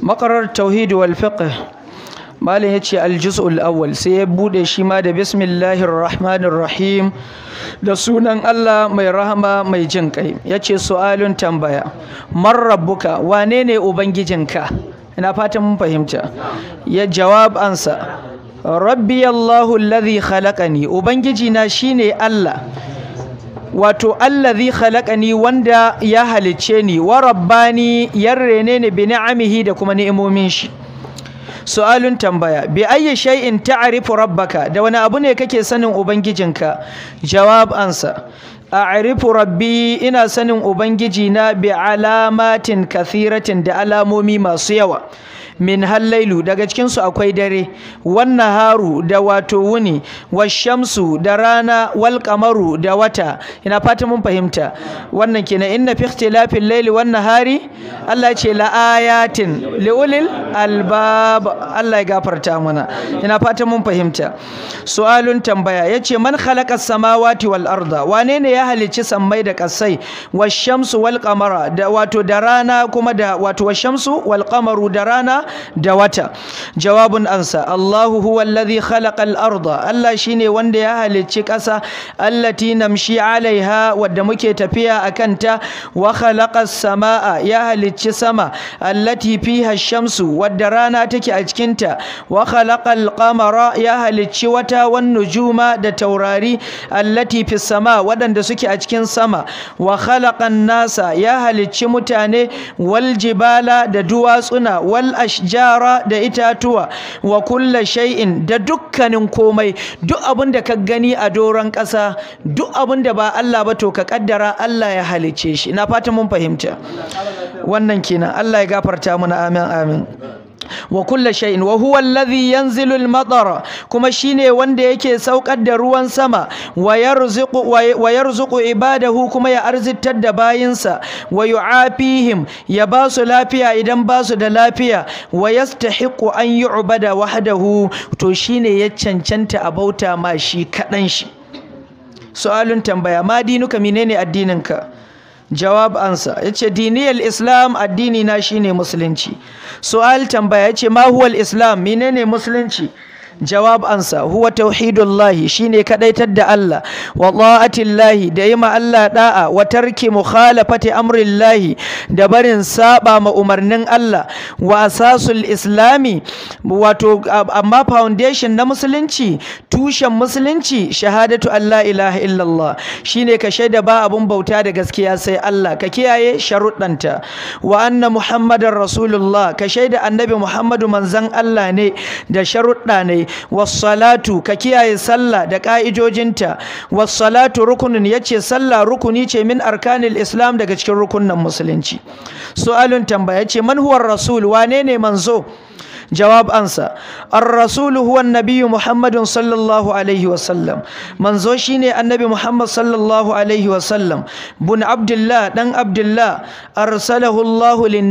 makarar tauhid wal fiqh malam yace al juz'ul awwal sai ya bude shi ma da bismillahir rahmanir rahim da sunan Allah mai rahama mai jin kai yace su'alun tambaya man rabbuka wane ne ubangijinka ina fatan mun fahimta ya jawab ansa rabbi allahu alladhi khalaqani Ubangijina shine Allah wato allazi khalaqani wanda ya halicce ni wa rabbani yarrene ni bi ni'amihi da kuma ni'imomin shi su'alun tambaya bi ayyi shay'in ta'rifu rabbaka da wani abu ne kake sanin ubangijinka jawab ansa a'rifu rabbi ina sanin ubangiji na bi alamatin kathiratin da alamomi masu yawa min hallailu daga cikinsu akwai dare wannan haru da wato wuni washamsu da rana wal kamaru da wata ina fata mun fahimta wannan kenan inna fi ikhtilafil laili wan nahari Allah ce la ayatin liulil albab Allah ya gafarta mana ina fata mun fahimta su'alun tambaya yace man khalaqa samawati wal arda wane ne ya halicci sammai da kasai washamsu wal kamara da wato da rana kuma da wato washamsu wal kamaru da rana da wata jawabun ansa Allahu huwa alladhi khalaqa al arda Allah shine wanda ya halicci kasa allati namshi alaiha wadda muke tafiya akan ta wa khalaqa samaa ya halicci sama allati fiha shamsu wadda rana take a cikin ta wa khalaqa al qamara ya halicci wata wan nujuma da taurari allati fis sama wadanda suke a cikin sama wa khalaqan nasa ya halicci mutane wal jibala da duwatsuna wal ashjara da itatuwa wa kulla shay'in da dukkanin komai duk abin da ka gani a doron kasa duk abin da ba Allah ba to ka kaddara Allah ya halicce shi Na fata mun fahimta wannan kenan Allah ya gafarta mana amin amin wa kulla shay'in wa huwa alladhi yanzilu al-matar kuma shine wanda yake saukar da ruwan sama wa yarzuqu wa yarzuqu ibadahu kuma ya arzittar da bayinsa wa yu'afihim ya basu lafiya idan basu da lafiya wa yastahiqu an yu'bada wahdahu to shine ya cancanta a bauta ma shi kadan shi su'alun tambaya ma dinuka menene addininka jawab ansa yace diniyal islam addini na shine musulunci su'al tambaya yace ma huwal islam menene musulunci jawab ansa huwa tauhidullahi shine kadaitar da Allah wa ta'atillahi da yima Allah da'a wa tarki mukhalafati amrillahi da barin saba ma umarnin Allah wa asasul islami wato amma foundation na musulunci tushen musulunci shahadatu Allah ilaha illallah shine ka shaida ba abun bauta da gaskiya sai Allah ka kiyaye sharuɗanta wa anna muhammadar rasulullah ka shaida annabi muhammadu manzon Allah ne da sharuɗa nai. wasalatu ka kiyaye sallah da ka'idojinta wasalatu rukunin yace sallah rukuni ce min arkanil islam daga cikin rukunan musulunci Su'alin tambaya ce man huwa rasul wane ne manzo jawab ansa ar-rasul huwa an muhammadun sallallahu alaihi manzo shine annabi muhammad sallallahu alaihi wa sallam bun abdullah dan abdullah arsalahu lin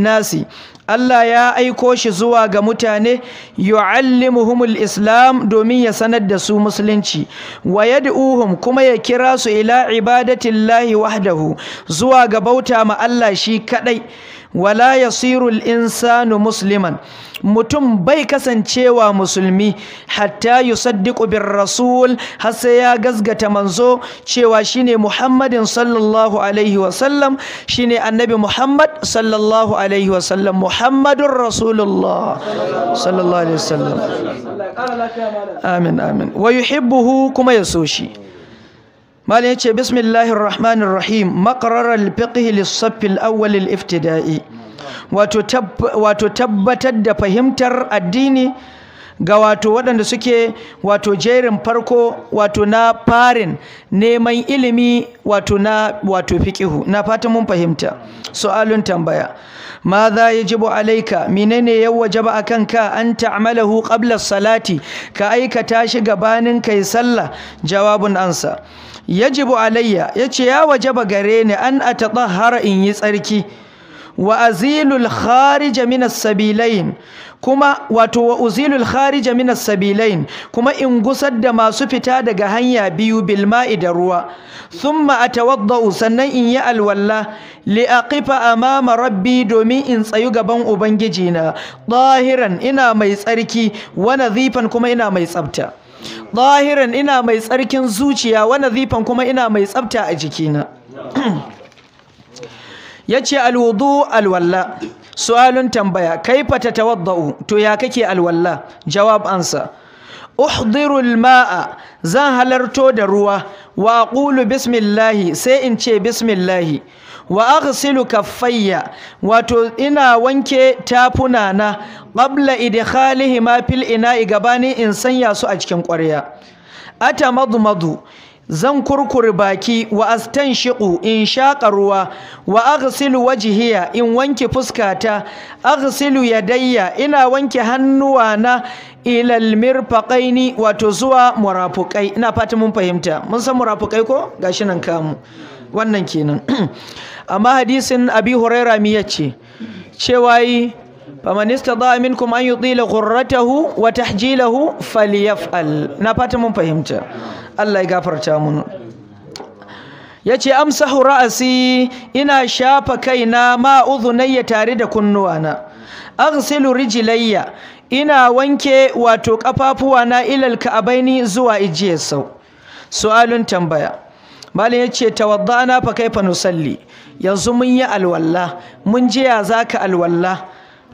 Allah ya aiko shi zuwa ga mutane yu'allimuhumul islam domin ya sanar da su musulunci wa yad'uhum kuma ya kira su ila ibadatillahi wahdahu zuwa ga bauta ma Allah shi kadai wala ya yasirul insanu musliman mutum bai kasancewa musulmi hatta yusaddiqu bin rasul har sai ya gazgata manzo cewa shine Muhammadin sallallahu alaihi wasallam shine annabi Muhammad sallallahu alaihi wasallam Muhammadun rasulullah sallallahu alaihi wasallam amin amin wa yuhibbuhu kuma ya so shi ya yace bismillahir rahmanir rahim maqrar al fiqh lis iftida'i wato tabbatar da fahimtar addini ga wato waɗanda suke wato jerin farko wato na farin neman ilimi wato na wato fiqihu na fata mun fahimta su'alun tambaya ya yajibu alaika menene ya wajaba akan ka an hu qabla salati ka aikata shi gabanin kai sallah jawabun ansa yajibu alayya yace ya wajaba gare ni an atatahhara in yi tsarki wa azilul kharija min as-sabilain kuma wato wa uzilul kharija min as-sabilain kuma in gusar da masu fita daga hanya biyu bil ma'i da ruwa thumma atawadda sannan in yi alwalla li aqifa amama rabbi domin in tsayu gaban ubangiji na ɗahiran ina mai tsarki wa nadhifan kuma ina mai tsafta zahiran ina mai tsarkin zuciya wa nazifan kuma ina mai tsabta a jikina yace alwudu alwalla su'alun tambaya kaifa tatawaddau to ya kake alwalla jawab ansa uhdiru alma'a zan halarto da ruwa wa aqulu bismillahi sai in ce bismillahi wa aghsilu kaffayya wato ina wanke tafuna na qabla ma fil ina'i gabani in sanya su a cikin ƙwarya atamadmadu zan kurkure baki wa astanshiqu in shaƙa ruwa wa aghsilu wajhiya in wanke fuskata aghsilu yadayya ina wanke hannuwa na ila almirfaqaini wato zuwa murafukai ina fata mun fahimta mun san murafukai ko gashi nan kamu wannan kenan amma hadisin abi huraira mi yace cewa yi faman istada minkum an yutila ghurratahu wa tahjilahu falyaf'al na fata mun fahimta Allah ya gafarta mun yace amsahu ra'asi ina shafa kaina ma udhunayya tare da kunnuwana aghsilu rijlayya ina wanke wato kafafuwana ilal ka'abaini zuwa ijiyar sau su'alun tambaya malin ya ce na fa kaifa nusalli yanzu mun yi alwalla mun je ya zaka alwalla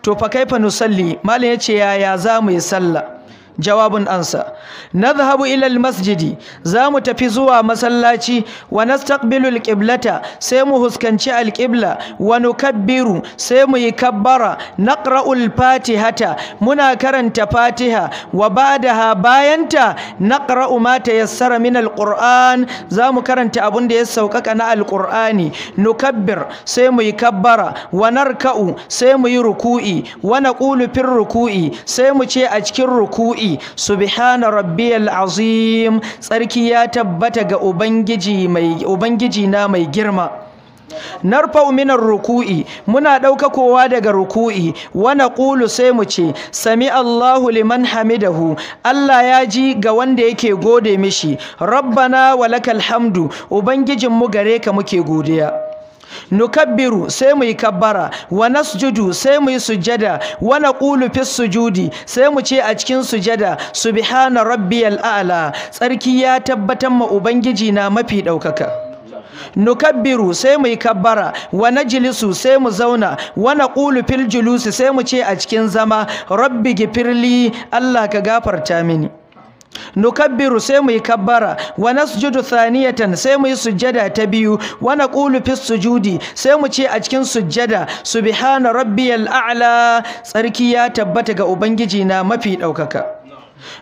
to fa kaifa nusalli malin ya ce yaya za mu yi sallah jawabin ansa nadhhabu ila almasjidi zamu tafi zuwa masallaci wa nastaqbilu alqiblata sai mu huskanci alqibla wa nukabbiru sai mu yi kabbara naqra'u alfatihata muna karanta fatiha wa ba'daha bayanta naqra'u ma tayassara min alquran zamu karanta abun da ya saukaka na alqurani nukabbir sai mu yi kabbara wa narka'u sai mu yi ruku'i wa naqulu fir ruku'i sai mu ce a cikin ruku'i subhana rabbiyal azim tsarki ya tabbata ga ubangiji mai ubangiji na mai girma narfa'u minar ruku'i muna kowa daga ruku'i wa sai mu ce sami liman hamidahu Allah ya ji ga wanda yake gode mishi rabbana walakal alhamdu. ubangijin mu gare ka muke godiya nukabbiru sai mu yi kabbara wa nasjudu sai mu yi sujjada wa naqulu fis sujudi sai mu ce a cikin sujjada subhana rabbiyal a'la tsarki ya tabbatar ma ubangiji na mafi daukaka nukabbiru sai mu yi kabbara wa najlisu sai mu zauna wa naqulu fil julusi sai mu ce a cikin zama rabbi gifirli Allah ka gafarta mini nukabbiru sai mu yi kabbara wa nasjudu thaniyatan sai mu yi sujjada ta biyu wa naqulu fi sujudi sai mu ce a cikin sujjada subhana rabbiyal a'la tsarki ya tabbata ga ubangiji na mafi daukaka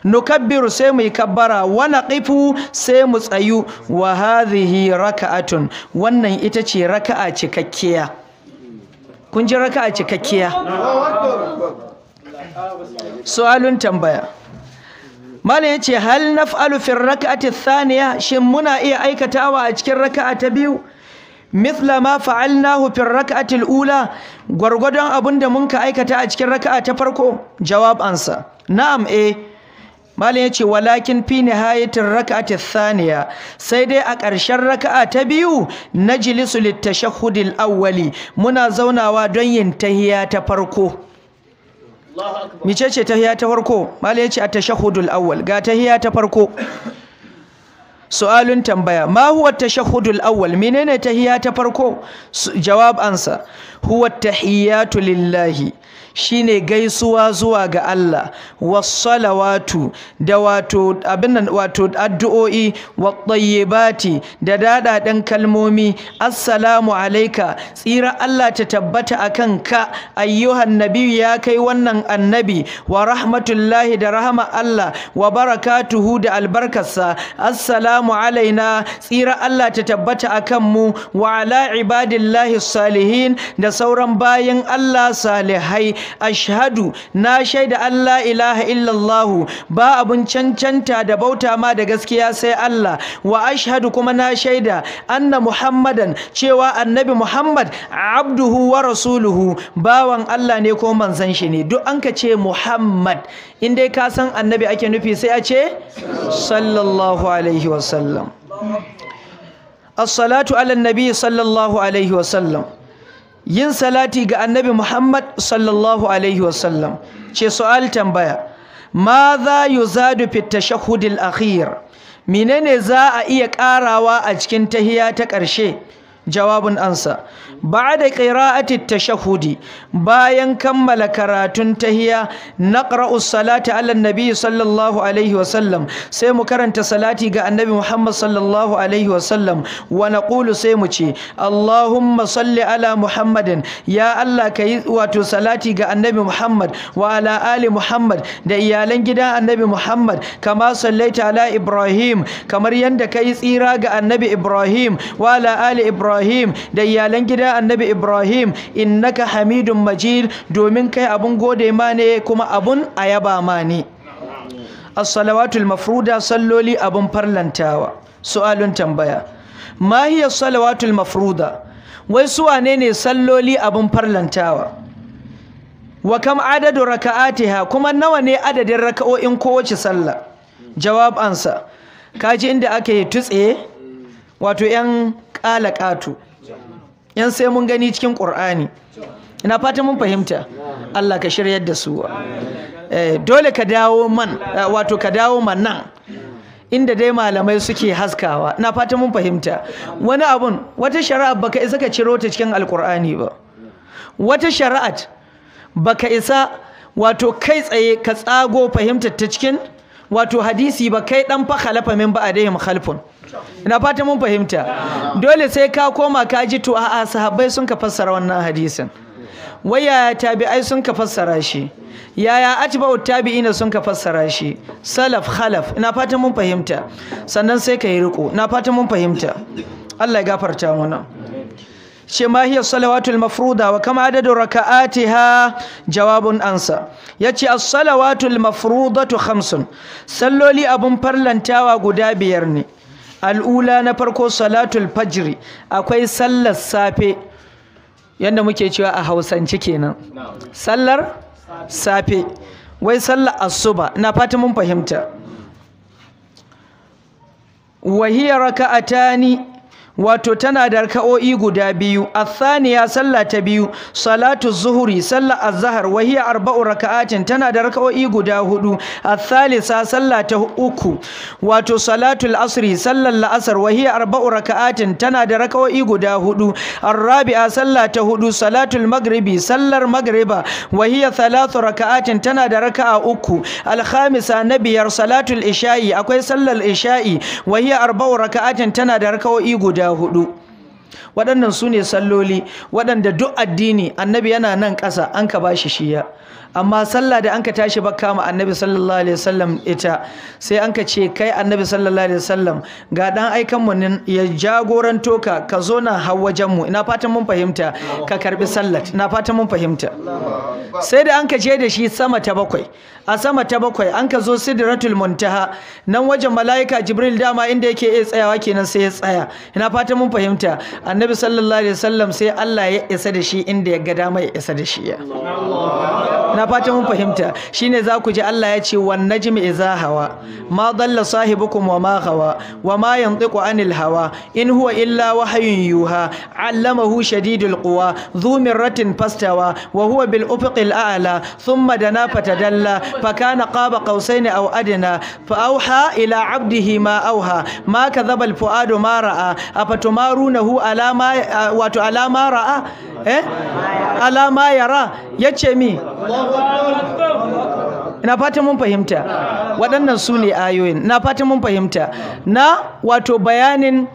nukabbiru sai mu yi kabbara wa naqifu sai mu tsayu wa hadhihi raka'atun wannan ita ce raka'a cikakkiya kun ji raka'a cikakkiya su'alun tambaya malam yace hal naf'alu fi rak'ati thaniya shin muna iya aikatawa a cikin raka'a ta biyu mithla ma fa'alnahu fi rak'ati ula gwargwadon abinda mun ka aikata a cikin raka'a ta farko jawab ansa na'am eh malam yace walakin fi nihayatir rak'ati thaniya sai dai a ƙarshen raka'a ta biyu najlisu lit-tashahhudil awwali muna zaunawa don yin tahiya ta farko mice ce tahiya ta farko malai yace at-tashahhudul awwal ga tahiya ta farko su'alun tambaya ma huwa at-tashahhudul awwal menene tahiya ta farko jawab ansa huwa at-tahiyatu lillahi shine gaisuwa zuwa ga Allah wasalawatu da wato abin wato addu'o'i tayyibati da dadadan kalmomi assalamu alayka tsira Allah ta tabbata akan ka ayyuhan nabiyyu ya kai wannan annabi wa rahmatullahi da rahama Allah wa barakatuhu da albarkarsa assalamu alaina tsira Allah ta tabbata akan mu wa ala ibadillahi salihin da sauran bayan Allah salihai ashhadu na shaida Allah ilaha illallah ba abun cancanta da bauta ma da gaskiya sai Allah wa ashhadu kuma na shaida anna muhammadan cewa annabi muhammad abduhu wa rasuluhu bawan Allah ne ko manzon shi ne duk an ka ce muhammad in dai ka san annabi ake nufi sai a ce sallallahu alaihi wasallam as-salatu ala nabi sallallahu alaihi wasallam yin salati ga annabi Muhammad sallallahu alaihi wasallam ce su'al tambaya ma za yuzadu fi tashahhudil akhir menene za a iya karawa a cikin tahiya ta ƙarshe Jawabin ansa ba'da qira'ati shahudi bayan kammala karatun tahiya naqra'u salata 'ala nabi sallallahu alaihi wa sallam sai mu karanta salati ga annabi Muhammad sallallahu alaihi wa sallam wa sai mu ce Allahumma salli ala Muhammadin ya Allah yi wato salati ga annabi Muhammad wa ala ali Muhammad da iyalan gidan annabi Muhammad kama sallaita ala Ibrahim kamar yanda yi tsira ga annabi Ibrahim wa ala ali Ibrahim da iyalan gidan annabi Ibrahim innaka hamidun majid domin kai abun gode ma ne kuma abun ayaba ma ne as-salawatul mafruda salloli abun farlantawa su'alun tambaya ma hiya salawatul mafruda wai su wane ne salloli abun farlantawa wa kam adadu raka'atiha kuma nawa ne adadin raka'o'in kowace sallah jawab ansa kaji inda ake tutse wato yan ƙalaƙatu yan sai mun gani cikin ƙur'ani ina fata mun fahimta Allah ka shiryar da su eh, dole ka dawo man eh, wato ka dawo man nan inda dai malamai suke haskawa ina fata mun fahimta wani abun wata shari'a baka isa ka ciro ta cikin alkur'ani ba wata shari'a baka isa wato kai tsaye ka tsago fahimtar ta cikin wato hadisi ba kai dan fa khalafa min ba adaihim khalfun ina fata mun fahimta dole sai ka koma ka ji to a'a sahabbai sun ka fassara wannan hadisin waya tabi'ai sun ka fassara shi yaya atba'u tabi'ina sun ka fassara shi salaf khalaf ina fata mun fahimta sannan sai ka yi riko ina fata mun fahimta Allah ya gafarta mana ce ma hiya salawatul mafruda wa kama adadu raka'atiha jawabun ansa yace as-salawatul mafrudatu khamsun salloli abun farlantawa guda biyar ne al'ula na farko salatul fajri akwai sallar safe yadda muke cewa a hausance kenan sallar safe wai sallar asuba na fata mun fahimta wahiyar raka'atani wato tana da raka'o'i guda biyu athaniya sallah ta biyu salatu zuhuri sallah azhar wa hiya arba'u raka'atin tana da raka'o'i guda hudu athalisa sallah ta uku wato salatul asiri, sallar la'asar wa hiya arba'u raka'atin tana da raka'o'i guda hudu arrabi'a sallah ta hudu salatul maghribi sallar maghriba wa hiya thalathu raka'atin tana da raka'a uku alkhamisa na biyar salatul isha'i akwai sallar isha'i wa hiya arba'u raka'atin tana da raka'o'i guda guda hudu waɗannan su ne salloli waɗanda duk addini annabi yana nan ƙasa an ka bashi shiya amma sallah da an ka tashi bakka ma annabi sallallahu alaihi wasallam ita sai an ka ce kai annabi sallallahu alaihi wasallam ga dan aikan mu ya jagoranto ka ka zo na wajen mu ina fatan mun fahimta ka karbi sallat ina fatan mun fahimta sai da an ka je da shi sama ta bakwai a sama ta bakwai an ka zo sidratul muntaha nan wajen mala'ika jibril dama inda yake iya tsayawa kenan sai ya tsaya ina fatan mun fahimta annabi sallallahu alaihi wasallam sai Allah ya isa da shi inda ya ga dama ya isa da shi ya na fata mun fahimta shine za ku ji Allah ya ce wan najmi iza hawa ma dalla sahibukum wa ma hawa wa ma yantiqu anil hawa in huwa illa wahyun yuha allamahu shadidul quwa dhu mirratin fastawa wa huwa bil ufuqil a'la thumma dana fatadalla fa kana qaba qausaini aw adna fa awha ila abdihi ma awha ma kadhaba al fuadu ma ra'a afatumarunahu ala ma wato ala ma ra'a eh alama yara yace mi ina fatan mun fahimta waɗannan su ne ayoyin na fatan mun fahimta na wato bayanin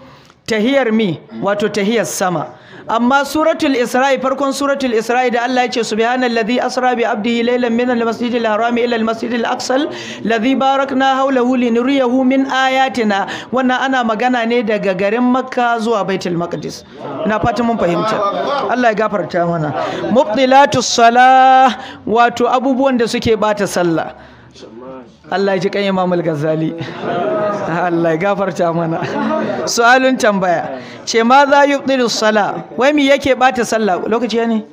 tahiyar mi wato tahiyar sama amma suratul isra'i farkon suratul isra'i da Allah ya ce subhanallazi asra bi abdihi laylan min almasjidil haram ila almasjidil aqsa ladhi barakna hawlahu linuriyahu min ayatina wannan ana magana ne daga garin makka zuwa baitul maqdis ina fata mun fahimta Allah ya gafarta mana mubtilatus salah wato abubuwan da suke bata sallah Allah ya ji kan Imam Al-Ghazali Allah ya gafarta mana su'alun tambaya ce ma za yubdilu sala wai me yake bata sallah lokaci ne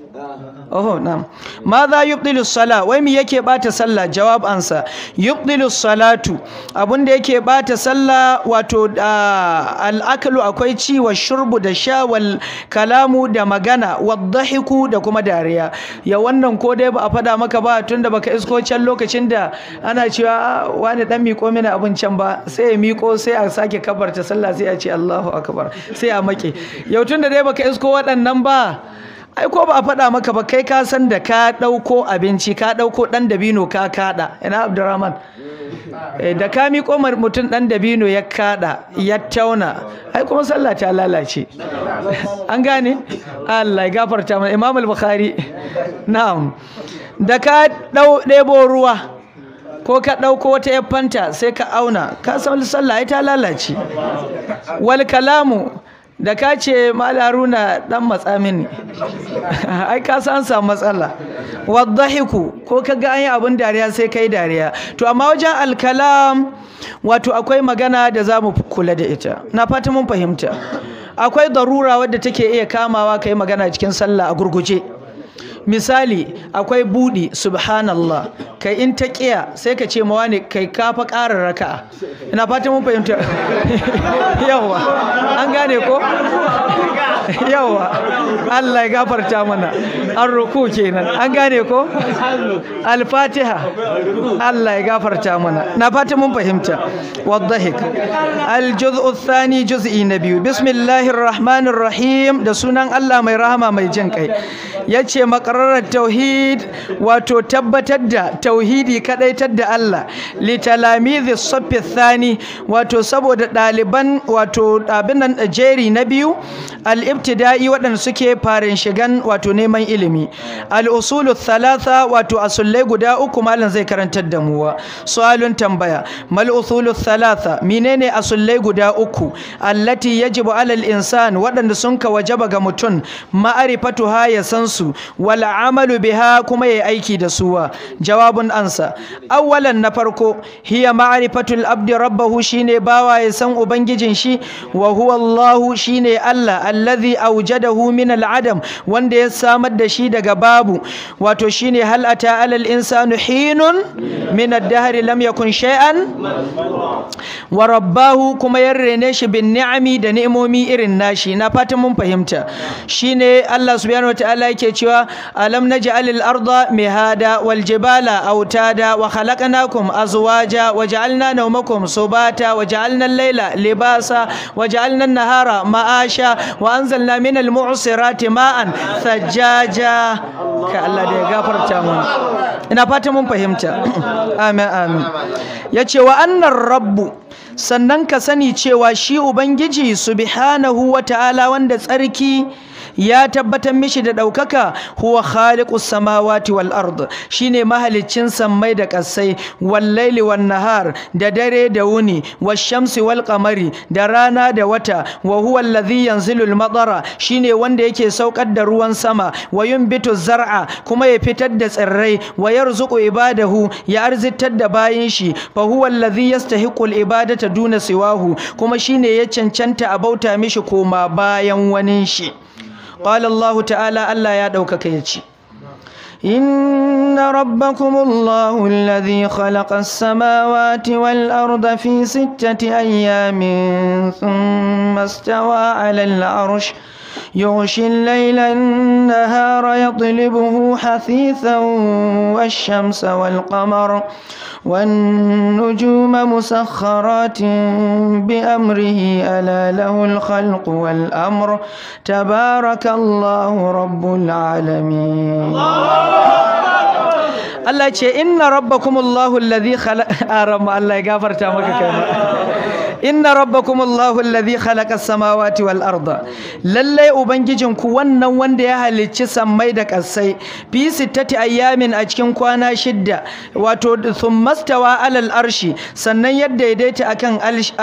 oho na'am madha yubdilu sala wai me yake bata sallah jawab ansa yubdilu salatu abunda yake bata sallah wato al aklu akwai ci wa shurbu da sha wal kalamu da magana wadhahiku da kuma dariya ya wannan ko dai ba a fada maka ba tunda baka isko can lokacin da ana cewa wani dan miko mini abin can ba sai ya miko sai a sake kabarta sallah sai a ce Allahu akbar sai a make yau tunda dai baka isko waɗannan ba ai ko ba a faɗa maka ba kai ka san da ka ɗauko abinci ka ɗauko ɗan dabino ka kaɗa ina abdurrahman eh, da ka miƙo mutum ɗan dabino ya kaɗa ya tauna ai kuma sallah ta lalace an gane allah ya gafarta mana imam al-bukhari na'am da ka ɗau ɗebo ruwa ko ka ɗauko wata yar fanta sai ka auna ka san sallah ai ta lalace wal kalamu da ka ce haruna dan matsa mini ai ka san samu matsala wadahiku ko ka ga an yi abin dariya sai kai dariya to amma wajen alkalam wato akwai magana da za mu kula da ita na fata mun fahimta akwai darura wadda take iya kamawa kai magana cikin sallah a gurguje misali akwai buɗi subhanallah kai in ta kiya sai ka ce mawa ne kai kafa fa raka ina fatan mun fahimta yawa an gane ko yawa Allah ya gafarta mana an ruku kenan an gane ko al-fatiha Allah ya gafarta mana na fatan mun fahimta wadhahik al-juz'u thani juz'i na biyu bismillahir rahmanir rahim da sunan Allah mai rahama mai jin kai yace makar kararar tauhid wato tabbatar da tauhidi kadaitar da Allah li talamizi saffi thani wato saboda ɗaliban wato abin nan jeri na biyu al-ibtida'i waɗanda suke farin shigan wato neman ilimi al-usulu thalatha wato asullai guda uku malam zai karantar da mu su'alun tambaya mal usulu thalatha menene asullai guda uku allati yajibu alal insan waɗanda sun ka wajaba ga mutum Ma'arifatu ha ya san su wal amalu biha kuma yayi aiki da su jawabun ansa awwalan na farko hiya ma'arifatul abdi rabbahu shine bawa ya san ubangijin shi wa huwa Allah shine Allah allazi awjadahu min al'adam wanda ya samar da shi daga babu wato shine hal ata alal insanu hinun min ad-dahr lam yakun shay'an wa rabbahu kuma yarrene shi bin ni'ami da ni'imomi irin nashi na fatan mun fahimta shine Allah subhanahu wataala yake cewa alam naj'al al ardha mihada wal jibala autada wa khalaqnakum azwaja wa ja'alna nawmakum subata wa ja'alna al-layla libasa wa ja'alna an-nahara ma'asha wa anzalna minal mu'sirati ma'an sajjaja ka Allah da ya gafarta mu ina fata mun fahimta amin amin yace wa annar rabbu sannan ka sani cewa shi ubangiji subhanahu wa ta'ala wanda tsarki ya tabbatar mishi da ɗaukaka huwa khaliqus samawati wal ard shine mahaliccin sammai da ƙasai wal laili wan nahar da dare da wuni was shamsi wal qamari da rana da wata wa huwa alladhi yanzilul madara shine wanda yake saukar da ruwan sama wa yunbitu zar'a kuma ya fitar da tsirrai wa yarzuqu ibadahu ya arzittar da bayin shi fa huwa alladhi yastahiqul ibadata duna siwahu kuma shine ya cancanta a bauta mishi koma bayan wanin shi qala Allah ta'ala Allah ya ɗaukaka ya ce إن ربكم الله الذي خلق السماوات والأرض في ستة أيام ثم استوى على العرش يغشي الليل النهار يطلبه حثيثا والشمس والقمر والنجوم مسخرات بأمره ألا له الخلق والأمر تبارك الله رب العالمين الله الله ce inna آه، الله الله khalaqa Allah الله الله maka kai inna rabbakum Allahu alladhi khalaqa as-samawati wal arda lalle ubangijin ku wannan wanda ya halicci sammai da kasai fi sittati ayyamin a cikin kwana shidda wato thummastawa alal arshi sannan ya daidaita akan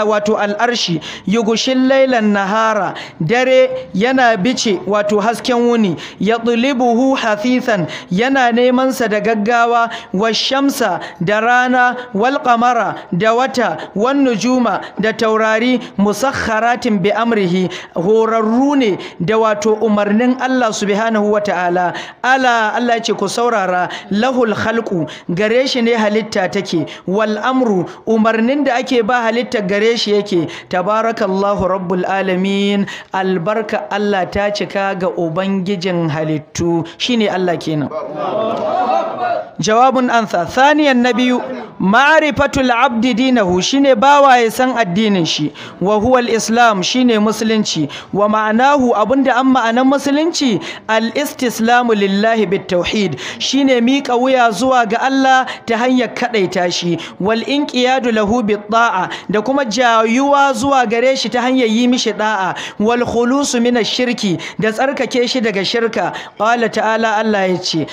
wato al arshi yughshil laylan nahara dare yana bice wato hasken wuni yatlibuhu hathisan yana neman sa da gaggawa washamsa da rana wal qamara da wata wan nujuma da taurari musakharatin bi amrihi horarru ne da wato umarnin Allah subhanahu wa ta'ala ala Allah ce ku saurara lahul khalqu gare shi ne halitta take wal amru umarnin da ake ba halitta gare shi yake tabarakallahu rabbul alamin albarka Allah ta cika ga ubangijin halittu shine Allah kenan jawabun ansa saniyan na biyu ma'arifatul abdi dinahu bawa ya san addinin shi wa islam shine musulunci wa ma'anahu abinda an ma'anan musulunci al-istislamu lillahi bitauhid shine mika wuya zuwa ga Allah ta hanyar kadaita shi wal inqiyadu da kuma jayuwa zuwa gare shi ta hanyar yi mishi da'a wal khulusu min shirki da tsarkake shi daga shirka qala ta'ala Allah yace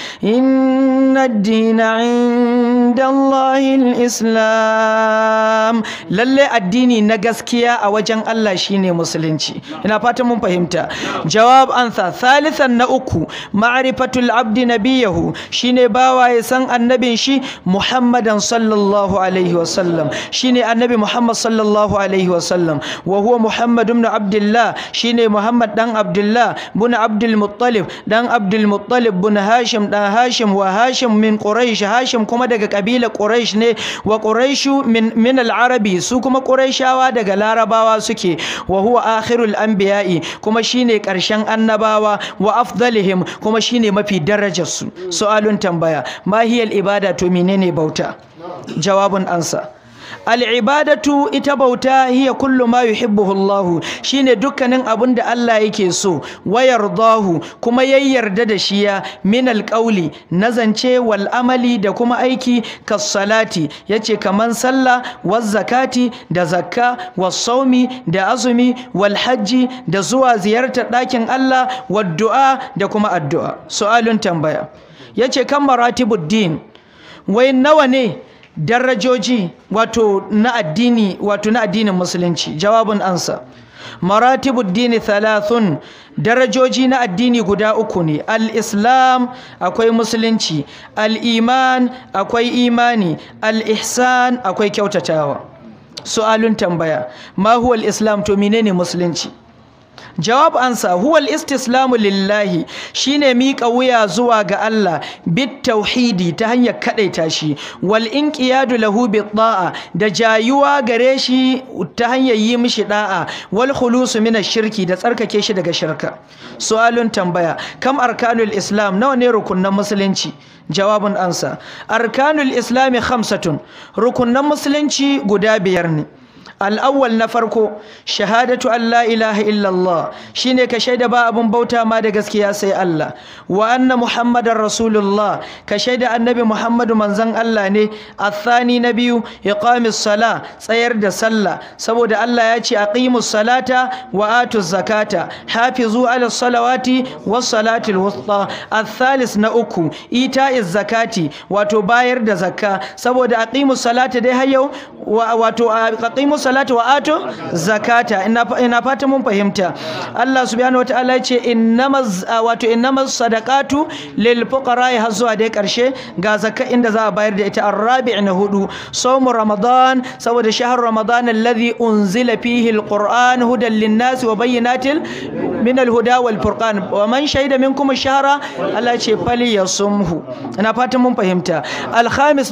الدين عند الله الإسلام للي الديني نغسكيا أوجن الله شيني مسلنشي هنا فاتم من فهمتا جواب أنثى ثالثا نأكو معرفة العبد نبيه شيني باوا يسان النبي شي محمد صلى الله عليه وسلم شيني النبي محمد صلى الله عليه وسلم وهو محمد بن عبد الله شيني محمد دان عبد الله بن عبد المطلب دان عبد المطلب بن هاشم دان هاشم وهاشم من Quraysh hashim kuma daga kabila Quraysh ne wa quraishu min min al-arabi su kuma quraishawa daga larabawa suke wa huwa akhirul anbiya'i kuma shine karshen annabawa wa afdalihim kuma shine mafi darajar su su'alun tambaya ma hiyal ibada to menene bauta jawabun ansa al'ibadatu ita bauta hiya kullu ma yuhibbuhu Allah shine dukkanin abin da Allah yake so wayar dahu kuma ya yarda da shi ya min alqauli nazance wal amali da kuma aiki kas salati yace kaman sallah waz zakati da zakka wa saumi da azumi wal hajji da zuwa ziyartar ɗakin Allah wad du'a da kuma addu'a su'alun tambaya yace kan maratibuddin wai nawa ne darajoji wato na addini wato na addinin musulunci jawabin ansa maratibu dini thalathun darajoji na addini guda uku ne al-islam akwai musulunci al-iman akwai imani al-ihsan akwai kyautatawa su'alun tambaya ma huwa al-islam to menene musulunci jawab ansa huwal istislamu lillahi shine mika wuya zuwa ga Allah bit tauhidi ta hanyar kadaita shi wal inqiyadu lahu bit ta'a da jayuwa gare shi ta hanyar yi mishi da'a wal khulusu min shirki da tsarkake shi daga shirka su'alun tambaya kam arkanul islam nawa ne rukunnan musulunci jawabun ansa arkanul islami khamsatun rukunnan musulunci guda biyar ne al'awwal na farko shahadatu Allah ilaha illallah shine ka shaida ba abun bauta ma da gaskiya sai Allah wa anna muhammadar rasulullah ka shaida annabi muhammadu manzon Allah ne athani na biyu iqamis sala tsayar da sallah saboda Allah ya ce aqimus salata wa atuz zakata hafizu ala salawati was salatil wusta athalis na uku ita is zakati wato bayar da zakka saboda aqimus salata dai har yau wato aqimus salati wa atu zakata ina fata Allah subhanahu wataala ya ce innamas wato innamas sadaqatu lil fuqara har zuwa dai karshe ga zakka inda za a bayar da ita arrabi na hudu sawmu ramadan saboda shahar ramadan alladhi unzila fihi alquran hudan linnas wa bayyinatil min alhuda wal furqan wa man shahida minkum ash-shahra Allah ya fali yasumhu ina fata mun fahimta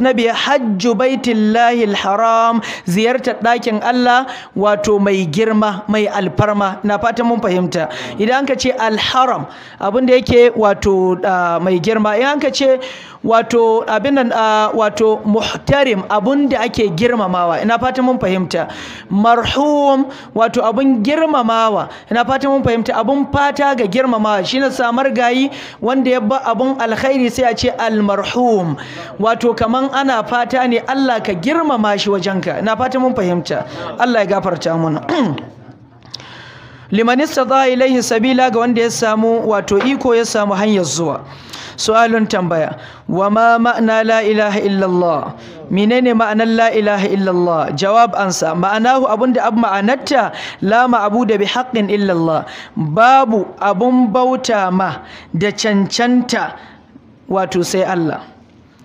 nabi hajju baitillahi haram ziyartar dakin Allah wato mai girma mai alfarma na fata mun fahimta idan ka ce alharam abin da yake wato ah, mai girma idan ka ce wato abin ah, wato muhtarim abun da ake girmamawa ina fatan mun fahimta marhum wato abun girmamawa ina fatan mun fahimta abun fata ga girmamawa shine samar gayi wanda ya ba abun alkhairi sai a ce almarhum wato kaman ana fata ne Allah ka girmama shi wajenka ina fatan mun fahimta Allah ya gafarta mana liman istata ilaihi sabila ga wanda ya samu wato iko ya samu hanyar zuwa su'alun tambaya wa ma ma'ana la ilaha illallah menene ma'anar la ilaha illallah jawab ansa ma'anahu abinda abu ma'anarta la ma'abu da bi haqqin illallah babu abun bauta ma da cancanta wato sai Allah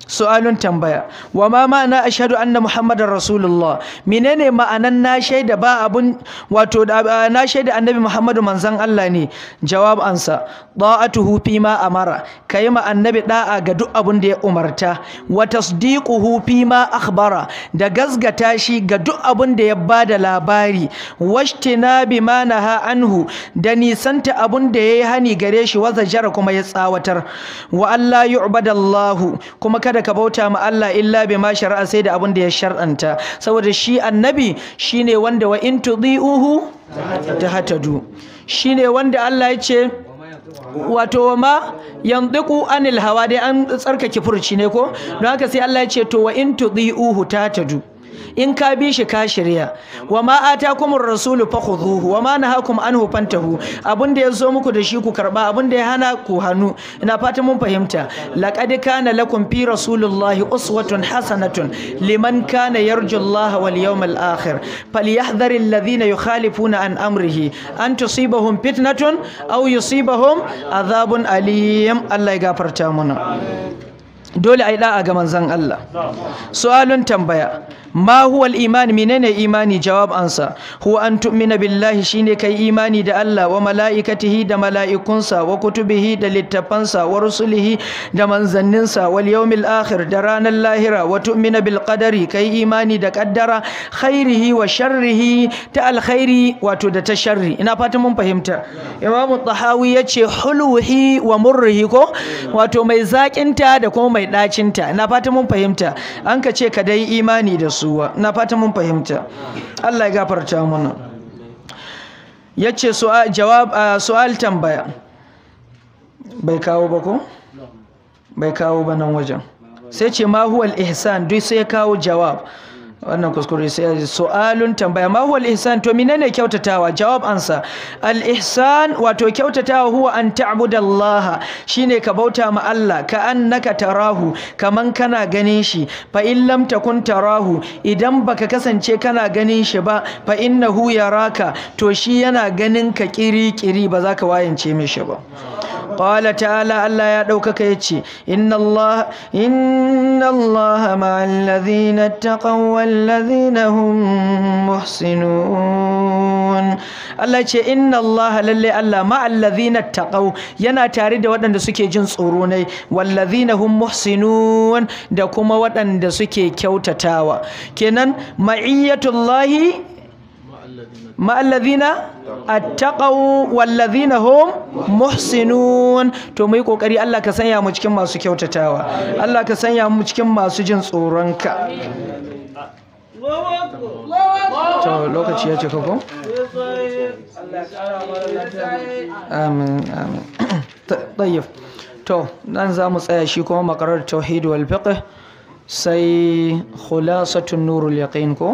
su'alun tambaya wa ma ma'ana ashhadu anna muhammadar rasulullah menene ma'anan na shaida ba abun wato na shaida annabi muhammadu manzon Allah ne jawab ansa da'atuhu fi ma amara kai ma annabi da'a ga duk abun da ya umarta wa tasdiquhu fi ma akhbara da gazgata shi ga duk abun da ya da labari washtina bi ma naha anhu da nisanta abun da yayi hani gare shi wa zajara kuma ya tsawatar wa alla yu'badallahu kada ka bauta ma Allah illa bi ma shar'a sai da abin da ya shar'anta saboda shi annabi shine wanda wa in tudhi'uhu tahtadu shine wanda Allah ya wato ma yanziku anil hawa dai an tsarkake furci ne ko don haka sai Allah yace to wa in tudhi'uhu tahtadu in ka bi shi ka shirya wa ma atakumur rasulu fakhudhuhu wa ma nahakum anhu fantahu abun da ya muku da shi ku karba abun da ya hana ku hannu ina fatan mun fahimta laqad kana lakum fi rasulillahi uswatun hasanatun liman kana yarju Allah wal yawmal akhir falyahdhar alladhina yukhalifuna an amrihi an tusibahum fitnatun aw yusibahum adhabun alim Allah ya gafarta mana dole ai da'a ga manzon Allah su'alun tambaya ma huwa iman menene imani jawab ansa huwa an tu'mina billahi shine kai imani da Allah wa malaikatihi da mala'ikunsa wa kutubihi da littafansa wa rusulihi da manzanninsa wal yawmil da ranar lahira wa tu'mina bil qadari kai imani da kaddara khairihi wa sharrihi ta alkhairi wato da ta sharri ina fata mun fahimta imamu tahawi yace huluhi wa murrihi ko wato mai zaƙinta da kuma mai ɗacinta. ina fata mun fahimta an ka ce ka dai imani da su suwa na fata mun fahimta Allah ya gafarta mana yace su'al jawab su'al tambaya bai kawo ba ko bai kawo ba nan wajen sai ce ma huwal ihsan duk sai ya kawo jawab wannan kuskure sai su'alun tambaya ma huwa al-ihsan to menene kyautatawa jawab ansa al-ihsan wato kyautatawa huwa an Allah shine ka bauta ma Allah ka annaka tarahu kaman kana ganin shi fa in lam takun tarahu idan baka kasance kana ganin shi ba fa innahu yaraka to shi yana ganin ka kiri-kiri ba za ka wayance mishi ba qala ta'ala Allah ya daukaka yace inna Allah inna Allah ma'al ladhina taqaw الذين هم محسنون Allah ce inna Allah lalle Allah ma allazina taqaw yana tare da waɗanda suke jin tsoro ne wallazina hum muhsinun da kuma waɗanda suke kyautatawa kenan ma'iyatullahi ma allazina attaqaw wallazina hum muhsinun to mu yi kokari Allah ka sanya mu cikin masu kyautatawa Allah ka sanya mu cikin masu jin tsoronka to lokaci ya cika ko amin amin tayyib to nan za mu tsaya shi kuma makarar tauhid wal fiqh sai khulasatun nurul ko